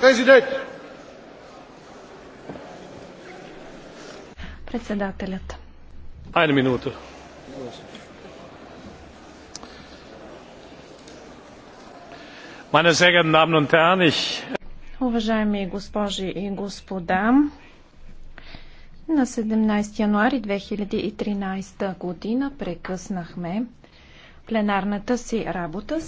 Президент! Председателят. Айде минута. Уважаеми госпожи и господа, на 17 януари 2013 година прекъснахме пленарната си работа.